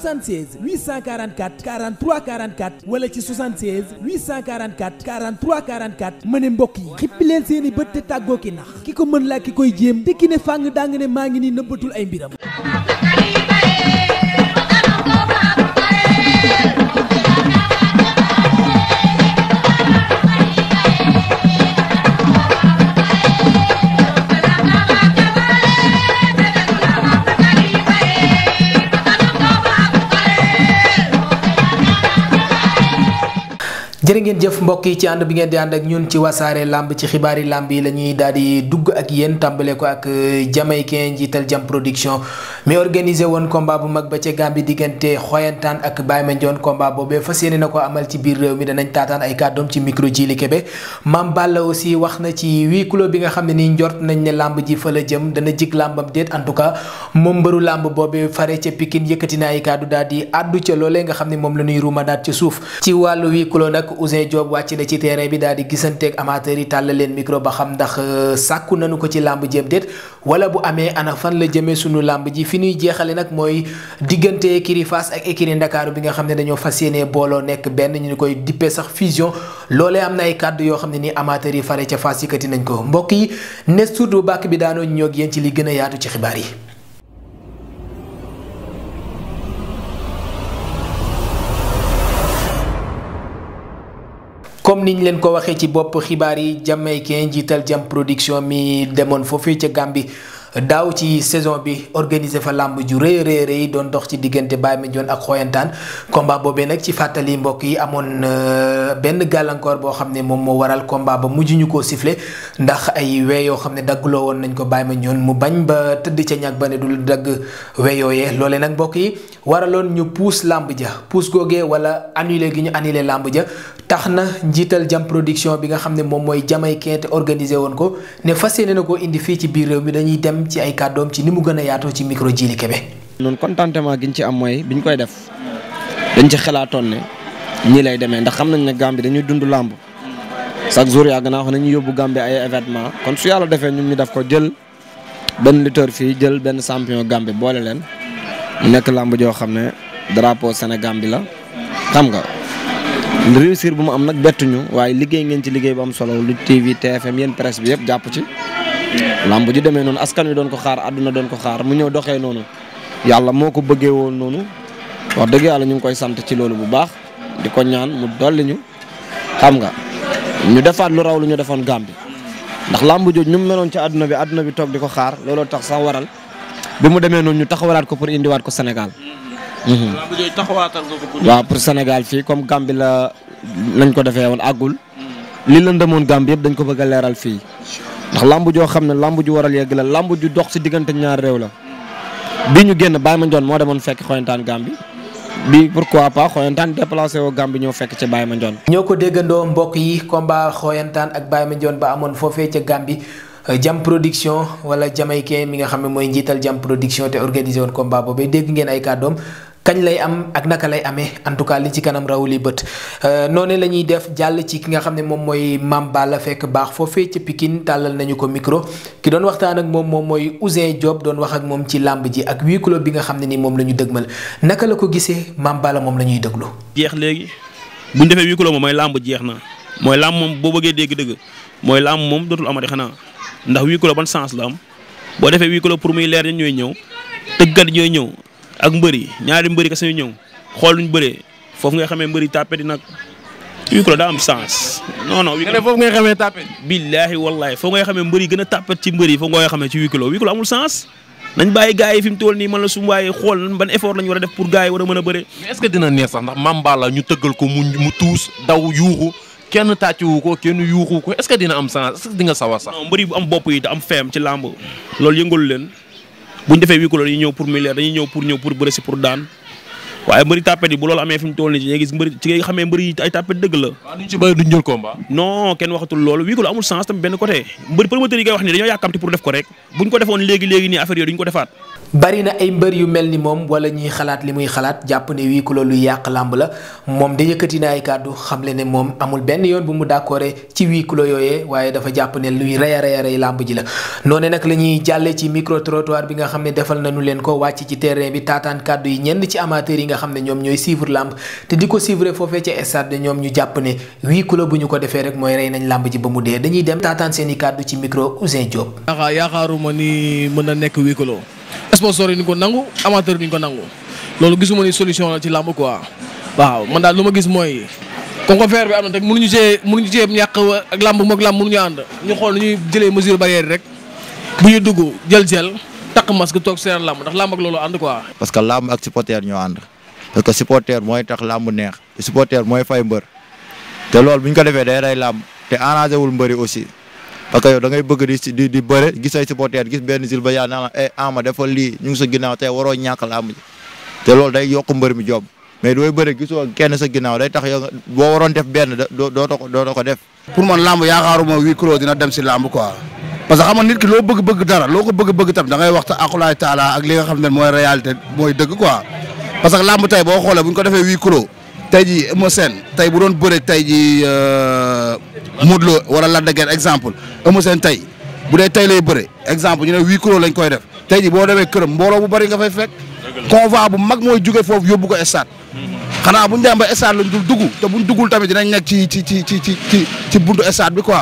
76 844 43 44 wala ci 76 844 43 44 ma ne mbokk yi xippi leen seen i bët te tàggoo ki nax ki ko mën laa ki koy jéem te ki ne fàng daa nga ne maa ngi nii nëbbatul ay mbiram. jërë ngeen jëf mbokk yi ci ànd bi ngeen di ànd ak ñun ci wasaare lamb ci xibaari lamb yi la ñuy daal di dugg ak yéen tàmbale ko ak euh, jamaïcain jiital jam production mi organisé woon combat bu mag ba ca Gambie diggante xoyantaan ak Baye Mandione combat boobee fas na ko amal ci biir réew mi danañ taataan ay kàddoom ci micro ji li Kébé Mame Balla aussi wax na ci huis clos bi nga xam ne ni njort nañ ne lamb ji fa la jëm dana jig lambam déet en tout cas moom mbëru lamb boobee fare ca Pikine yëkkati na ay kàddu daal di àddu ca nga xam ne moom la ñuy ruumadaat ca suuf ci wàllu Ousin Diop wàcc na ci terrain bi daal di gisanteeg amateur yi tàll leen micro ba xam ndax euh, sàkku nañu ko ci làmb jéem déet wala bu amee ana fan la jëmee suñu làmb ji fi ñuy jeexale nag mooy diggante écurie fas ak écurie Ndakaaru bi nga xam ne dañoo fas yéenee booloo nekk benn ñu ni koy dippee sax fusion loole am na ay kàddu yoo xam ne ni amateur yi fare ca Fass yëkkati nañ ko mbokk yi ne surtout bàkk bi daanoo ñoog yéen ci li gën a yaatu ci xibaar yi comme niñ leen ko waxee ci bopp xibaar yi jamaïcain jiital jam production mi demoon foofee ca Gambie daaw ci saison bi organisé fa làmb ju rëy rëy rëy doon dox ci diggante Baye Mandione ak Xoyantaan combat boobee nag ci fàttali mbokk yi amoon euh, benn gàllankoor boo xam ne moom moo waral combat ba mujj ñu koo sifflé ndax ay wee yoo xam ne daggloo woon nañ ko Baye Mandione mu bañ ba tëdd ca ñàkk ba ne dagg wee yooyee loole nag mbokk yi waraloon ñu puus làmb ja puus googee wala annulé gi ñu annulé làmb ja tax na njiital jam production bi nga xam ne moom mooy Jamaïcain te organisé woon ko ne fas yéene na ko indi fii ci biir réew mi dañuy dem itam ci ay kàddoom ci ni mu gën a yaatoo ci micro Djily Kébé. noonu contentement gi ci am mooy bi ñu koy def dañ ci xalaatoon ne ñii lay demee ndax xam nañ ne Gambie dañuy dund làmb chaque jour yàgg naa wax nañu yóbbu Gambie ay événement kon su yàlla defee ñu ñu def ko jël benn lutteur fii jël benn champion Gambie boole leen mu nekk làmb joo xam ne drapeau Sénégal bi la xam nga. réussir bu mu am nag bettuñu waaye liggéey ngeen ci liggéey bu am solo lu TV TFM yëpp jàpp ci lamb ju demee noonu askan wi doon ko xaar àdduna doon ko xaar mu ñëw doxee noonu yàlla moo ko bëggee woon noonu wax dëgg yàlla ñu ngi koy sant ci loolu bu baax di ko ñaan mu dolli ñu xam nga ñu defaat lu raw lu ñu defoon Gàmbi ndax lamb jooju ñu meloon ci àdduna bi àdduna bi toog di ko xaar looloo tax sax waral bi mu demee noonu ñu taxawalaat ko pour indiwaat ko Sénégal. Mhm. lamb jooju taxawaatal nga ko. waaw pour Sénégal fii comme Gàmbi la lañ ko defee woon àggul. li lëndëmoon Gàmbi yëpp dañ ko bëgg a leeral fii. ndax lamb joo xam ne lamb ju waral yegg la lamb ju dox si diggante ñaar réew la bi ñu génn Baye Mandione moo demoon fekk xoyantaan Gambie bi pourquoi pas xoyantaan déplacé woo Gambie ñoo fekk ca ma Mandione. ñoo ko déggandoo mbokk yi combat xoyantaan ak ma Mandione ba amoon foo foofee ca Gambie. Euh, jam production wala jamaïcain mi nga xam ne mooy njiital jam production te organisé woon combat boobee dégg ngeen ay kàddoom kañ lay am ak naka lay amee en tout cas li ci kanam rawu li bët euh, noone la ñuy def jàll ci ki nga xam ne moom mooy Mame Balla fekk baax foofee ca Pikine tàllal nañu ko micro ki doon waxtaan ak moom moom mooy Ousin Diop doon wax ak moom ci làmb ji ak huis bi nga xam ne ni moom lañu ñu dëgmal naka la ko gisee Mame Balla moom lañuy ñuy déglu. jeex léegi bu ñu defee huis clos mooy làmb jeex na mooy làmb moom boo bëggee dégg-dëgg mooy làmb moom dootul amati xanaa ndax huis clos ban sens la boo defee huis pour muy leer ñooy ñëw tëggat ñooy ñëw ak mbëri ñaari mbëri kese ñu ñëw xool luñ bëree foofu nga xamee mbëri tàppet yi nag huis clos daa am sens. non non huis ne foofu nga xamee a tàppet ci mbëri foofu nga xamee ci huis clos huis amul sens. nañ bàyyi gars yi fi mu toll nii man la su ma xool ban effort lañ war a def pour gars war a mën a bëre. mais est-ce que dina neex sax ndax Mamba ñu tëggal ko mu mu tuus daw yuuxu kenn tàccewu ko kenn yuuxu ko est-ce que dina am sens est-ce nga sawar sax. non mbëri am bopp yi da am feem ci làmb loolu yëngalu leen bu ñu defee wii kulo dañuy ñëw pour milliard dañuy ñëw pour ñëw pour bëre si pour daan waaye mbëri tàppet yi bu loolu amee fi toll nii ci ngay gis mbëri ci ngay xamee mbëri ay tàppet dëgg la. non kenn waxatul loolu wii amul sens tamit benn côté mbëri promoteur yi ngay wax ni dañoo yàkkamti pour def ko rek buñ ko defoon léegi léegi nii affaire yooyu duñ ko defaat bari na ay mbër yu mel ni moom wala ñuy xalaat li muy xalaat jàpp ne wii ku loolu yàq làmb la moom da yëkkati na ay kàddu xamle ne moom amul benn yoon bu mu d'accord ci wii ku la yooyee waaye dafa jàpp ne luy rey a rey làmb ji la noone nag la ñuy jàllee ci micro trottoir bi nga xam ne defal na nañu leen ko wàcc ci terrain bi taataan kàddu yi ñenn ci amateurs yi nga xam ne ñooy suivre làmb te di ko suivre foofee ca stade ñoom ñu jàpp ne wii ku bu ñu ko rek mooy rey nañ làmb ji ba mu dee dañuy dem taataan seen kàddu ci micro Ousin Diop. yaakaaruma ni mën na nekk wii sponsor yi duñ ko nangu amateur yi duñ ko nangu loolu gisuma ni solution la ci làmb quoi waaw man daal lu ma gis mooy kon que feer bi am na rek mu cee mënuñu cee ñàkk ak làmb mu làmb mënuñu ànd ñu xool nu ñuy jëlee mesure barrière rek bu ñuy dugg jël jël takk masque toog seen làmb ndax làmb ak loolu ànd quoi. parce que làmb ak supporter ñoo ànd parce que supporter mooy tax làmb neex supporter mooy fay mbër te loolu bu ñu ko defee day rey lamb te arrangé wul mbëri aussi. parce ay supporter gis benn zil ba yaa naa la eh, ama dafa lii ñu ngi sa ginnaaw mi job mais dooy bëre gisoo kenn sa ginnaaw day tax yow boo waroon def benn doo doo ko doo ko def. pour man làmb yaakaaruma huis clos dina dem si làmb quoi parce que xam nga bëgg-bëgg dara loo ko bëgg-bëgg tam da ngay waxta akulaay taala ak li nga xam ne mooy réalité mooy dëgg quoi parce que làmb tey boo xoolee bu ñu ko defee huis clos tey ji Eumeu Sène tey Modou Lo wala Lac de Guiers exemple Eumeu Sène tey bu dee tey lay bëre exemple ñu ne huis clos lañ koy def tey ji boo demee këram mbooloo bu bëri nga fay fekk convoi bu mag mooy jóge foofu yóbbu ko stade xanaa buñ dem ba stade lañ dul dugg te buñ duggul tamit dinañ nekk ci ci ci ci ci ci buntu stade bi quoi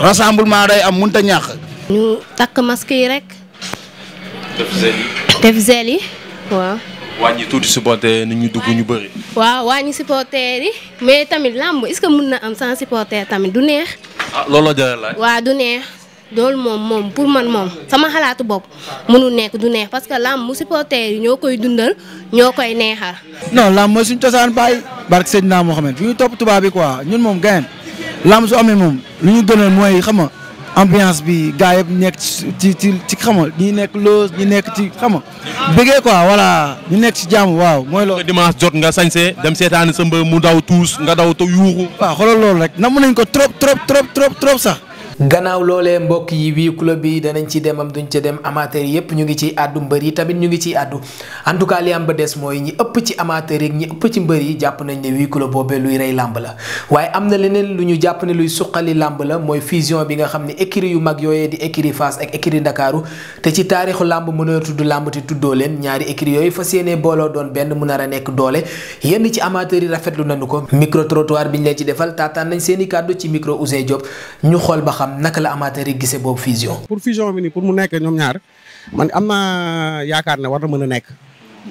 rassemblement day am mënut a ñàkk ñu takk masque yi rek def zel yi waaw wàññi tuuti supporter nit ñu dugg ñu bëri. waaw wàññi supporter yi mais tamit làmb est-ce que mun na am sans supporter tamit du neex. ah looloo jaral du neex. loolu moom moom pour man moom sama xalaatu bopp mënul nekk du neex parce que làmb mu supporter yi ñoo koy dundal ñoo koy neexal. non làmb mooy suñu cosaan bàyyi. barke Seydina Mohamed fi ñu topp tubaab bi quoi ñun moom gayen làmb su amee moom lu ñu gënal mooy xam nga ambiance bi gars bu nekk ci ci ci xama ñi nekk loose ñi nekk ci xama bëggee quoi voilà ñu nekk ci jàmm waaw mooy loolu dimanche jot nga sañse dem seetaani sa mbër mu daw tuus nga daw te yuuxu waaw xoolal loolu rek namm nañ ko trop trop trop trop trop sax gannaaw loolee mbokk yi wii club bi danañ ci demam duñ ca dem amateur yépp ñu ngi ciy àddu mbër yi tamit ñu ngi ciy àddu en tout cas li am ba des mooy ñi ëpp ci amateur yi ñi ci mbër yi jàpp nañ ne wii club boobee luy rey làmb la waaye am na leneen lu ñu jàpp ne luy suqali làmb la mooy fusion bi nga xam ne écurie yu mag yooyee di écurie Fass ak écurie Ndakaaru te ci taarixu làmb mënoo tudd làmb te tuddoo leen ñaari écurie yooyu fas yéenee booloo doon benn mun nar a nekk doole yenn ci amateur yi rafetlu nañu ko micro trottoir ñu leen ci defal taataan nañ seen i kàddu ci micro Ousseyn ñu xool xam xam naka la amateur yi gisee boobu fusion. pour fusion bi nii pour mu nekk ñoom ñaar man am naa yaakaar ne war na mën a nekk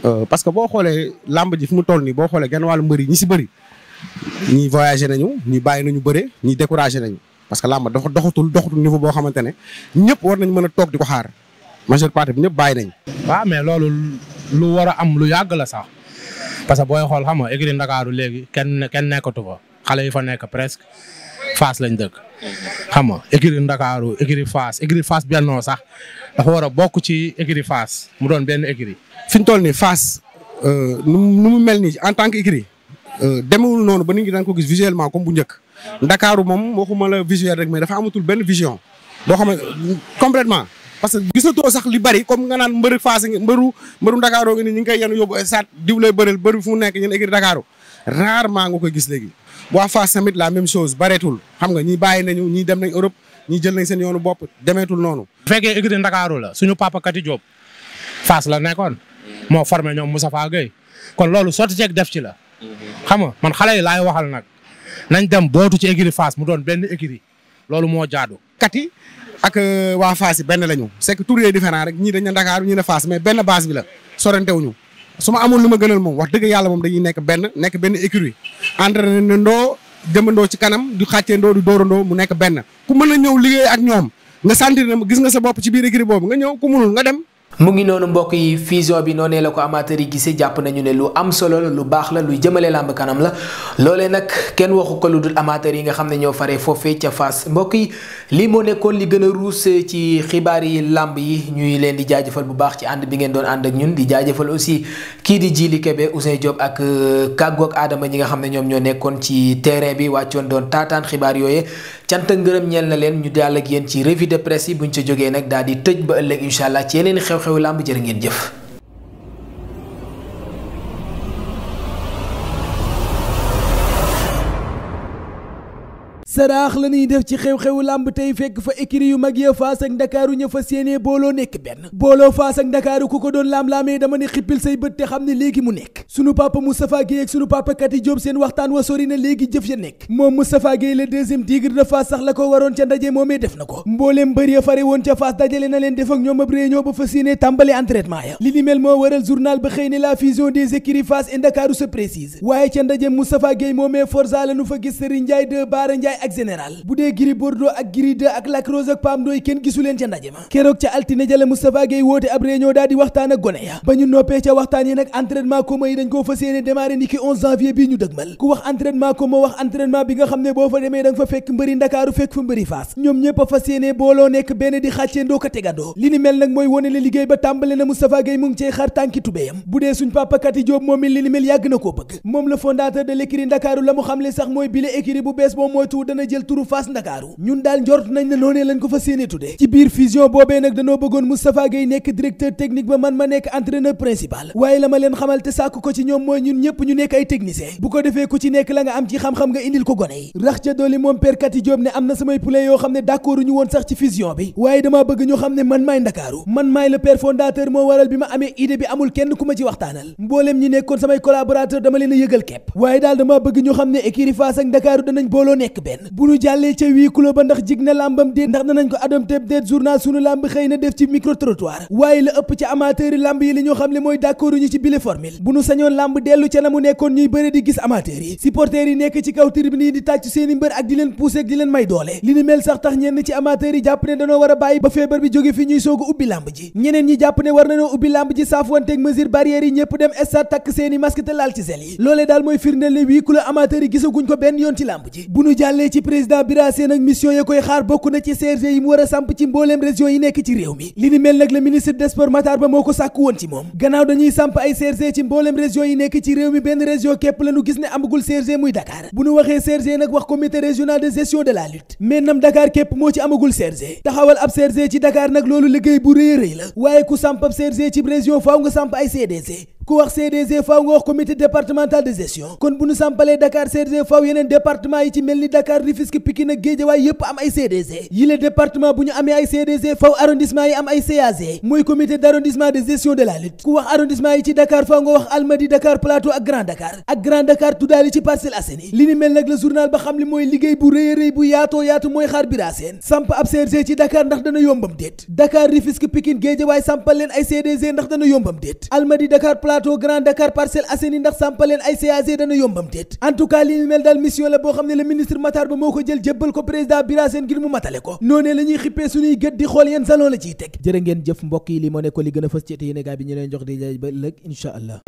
euh, parce que boo xoolee làmb ji fi mu toll nii boo xoolee genn wàllu mbëri ñi si bëri ñi voyagé nañu ñi bàyyi nañu bëre ñi découragé nañu. parce que làmb dox doxatul doxatul niveau boo xamante ne ñëpp war nañ mën a toog di ko xaar majeure partie bi ñëpp bàyyi nañ waaw mais loolu lu war a am lu yàgg la sax parce que booy xool xam nga Ndakaaru léegi kenn kenn nekkatu fa xale yi fa nekk presque. Fass lañ dëkk. xam nga écurie Ndakaaru écurie Fass écurie Fass Benno sax dafa war a bokk ci écurie Fass mu doon benn écurie. fi ñu toll nii Fass euh, nu mu mel nii en tant que écurie euh, demewul noonu ba nit ñi daan ko gis visuellement comme bu njëkk. Ndakaaru moom waxuma la visuel rek mais dafa amatul benn vision boo xam ne complètement parce que gisatoo sax li bari comme nga naan mbëru Fass mbëru mbëru Ndakaaru nga ni ñu ngi koy yenn yóbbu saat diw lay bëreel fu nekk ñun écurie Ndakaaru rarement nga koy gis léegi. waa Fass tamit la même chose bareetul xam nga ñi bàyyi nañu ñi dem nañ Europe ñi jël nañ seen yoonu bopp demeetul noonu. bu fekkee écurie Ndakaaru la suñu papa Kati Diop Fass la nekkoon moo forme ñoom Moustapha Gueye kon loolu sotti ceeg def ci la. xam nga man xale yi laay waxal nag nañ dem bootu ci écurie Fass mu doon benn écurie loolu moo jaadu. Kati ak euh, waa Fass yi benn lañu c'est que tur yooyu différent rek ñii dañ ne Ndakaaru ñii ne Fass mais benn base bi la sorante wuñu su ma amoon lu ma gënal moom wax dëgg yàlla moom dañuy nekk benn nekk benn écurie entraîné doo jëmandoo ci kanam du xàccee ndoo du dóorandoo mu nekk benn ku mën a ñëw liggéey ak ñoom nga sentir ne gis nga sa bopp ci biir écurie boobu nga ñëw ku munul nga dem mu ngi noonu mbokk yi fusion bi noonee la ko amateur yi gisee jàpp nañu ne lu am solo lu baax la luy jëmale làmb kanam la loolee nag kenn waxu ko lu dul amateur yi nga xam ne ñoo faree foofee ca Fass yi lii moo nekkoon li gën a ruus ci xibaar yi làmb yi ñuy leen di jaajëfal bu baax ci ànd bi ngeen doon ànd ak ñun di jaajëfal aussi kii di Jili Kebe Ousseyn Diop ak euh, Kàggu ak Adama ñi nga xam ne ñoom ñoo nekkoon ci terrain bi wàccoon doon taataan xibaar yooyee cant ngërëm ñeel na leen ñu daal ak yéen ci revue de presse yi buñ ca jógee nag daal di tëj ba ëllëg incha allah ci yeneen xew xew-xewi làmb jërë ngeen jëf saraax la ñuy def ci xew-xewu làmb tey fekk fa écurie yu mag ya Fass ak Ndakaaru ña fas yéene booloo nekk benn booloo Fass ak Ndakaaru ku ko doon laam-laamee dama ne xippil say bët te xam ne léegi mu nekk sunu papa Moustapha Guèye ak sunu papa Kati seen waxtaan wa sori na léegi jëf ya nekk moom Moustapha Guèye le deuxième tigre de sax la ko waroon ca ndaje moomee def na ko mbooleem mbër ya fare woon ca Fass dajale na leen def ñoom ab réunion ba fa gis général bu dee Gris Bordeaux ak Gris 2 ak Lac Rose ak Pam Ndoy kenn gisu ca ndaje ma keroog ca altine jale Moustapha Gueye woote ab réunion daal waxtaan ak gone ya ba ñu noppee ca waxtaan yi nag entraînement commun yi dañ koo fas yéene démarrer ni janvier bii ñu dëgmal ku wax entraînement commun wax entraînement bi nga xam ne boo fa demee da fa fekk mbëri ndakaaru fekk fa mbëri faas ñoom ñëpp a fas booloo nekk benn di xàcceendoo ko tegandoo li yéen jël turu Fass Ndakaaru ñun daal njort nañ ne noonee lañ ko fa séene tudde ci biir fusion boobee nag danoo bëggoon Moustapha Gueye nekk directeur technique ba man ma nekk entraîneur principal waaye la ma leen xamal te sàkk ko ci ñoom mooy ñun ñëpp ñu nekk ay technicien bu ko defee ku ci nekk la nga am ci xam-xam nga indil ko gone yi rax ca dooli moom Père Kati Diop ne am na samay poulain yoo xam ne d'accordu ñu woon sax ci fusion bi waaye damaa bëgg ñu xam ne man maay Ndakaaru man maay le ma amee idée bi amul kenn ku ma ci waxtaanal mbooleem ñi nekkoon samay a yëgal kepp waaye daal damaa bëgg ñu xam ne écurie Fass ak Ndakaaru nekk benn bu nu jàllee ca huis clos ba ndax jig na làmbam déet ndax danañ ko adopté déet journal sunu làmb xëy na def ci micro trottoir waaye la ëpp ci amateur yi làmb yi li ñoo xam ne mooy d'accord ñu ci bile formule bu nu sañoon làmb dellu ca na mu nekkoon ñuy bëre di gis amateur yi supporters yi nekk ci kaw tribune yi di tàcc seeni mbër ak di leen pousser ak di leen may doole li ni mel sax tax ñenn ci amateur yi jàpp ne danoo war a bàyyi ba feebar bi jóge fi ñuy soogu ubbi làmb ji ñeneen ñi jàpp ne war nañoo ubbi làmb ji benn yoon ci làmb ji bu ci président Bira Sène ak mission ya koy xaar bokk na ci CRG yi mu war a ci mbooleem région yi nekk ci réew mi li ni mel nag le ministre des sports Matar Ba moo ko sàkku woon ci moom gannaaw dañuy samp ay CRG ci mbooleem région yi nekk ci réew mi benn région képp la ñu gis ne amagul CRG muy Dakar bu ñu waxee CRG nag wax comité régional de gestion de la lutte mais nam Dakar moo ci amagul CRG taxawal ab CRG ci Dakar nag loolu liggéey bu rëy a waaye ku samp ab ci région faaw ku wax CDG faw nga wax comité départemental de gestion kon bu ñu sampalee Dakar CDG faw yeneen département yi ci mel ni Dakar Rufisque Pikine ak yépp am ay CDG yile département bu ñu amee ay CDG faw arrondissement yi am ay CAG mooy comité d'arrondissement de gestion de la lutte ku wax arrondissement yi ci Dakar faw nga wax Almadies Dakar Plateau ak Grand Dakar ak Grand Dakar tuddaali ci Parcelles Assainies li ni mel nag la journal ba xam li mooy plateau Grand Dakar Parcelles Assainies ndax sàmpaleen ay CAG dana yombam déet en tout mel daal mission la boo xam ne le ministre Matar Ba moo ko jël jébbal ko président Bira ngir mu matale ko noonee la ñuy xippee gët di xool yeen salon la ciy teg jërë ngeen jëf mbokk yi li moo li gën fës ci yéene gaay bi ñu jox di jaay ba ëllëg incha allah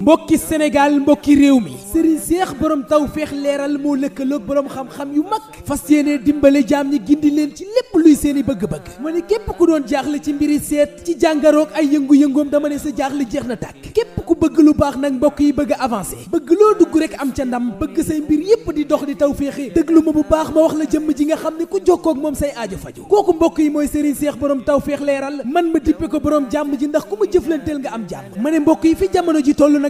mbokki Sénégal mbokki réew mi sëriñ seex borom tawféex leeral moo lëkkaloog borom xam-xam yu mag fas yéene dimbale jaam ñi gindi leen ci lépp luy seeni bëgg-bëgg ma ne képp ku doon jaaxle ci mbiri seet ci jàngaroog ay yëngu-yëngoom dama ne sa jaaxle jeex na tàkk képp ku bëgg lu baax nag mbokk yi bëgg a bëgg loo dugg rek am ca ndam bëgg say mbir yépp di dox di tawféexe déglu ma bu baax ma wax la jëmm ji nga xam ne ku jokkoo ak moom say aajo faju kooku mbokk yi mooy sëriñ seex borom tawféex leeral man ma dippe ko borom jàmm ji ndax ku ma jëflanteel nga am jàmm ma ne mbokk yi fi jamono ji tollu nag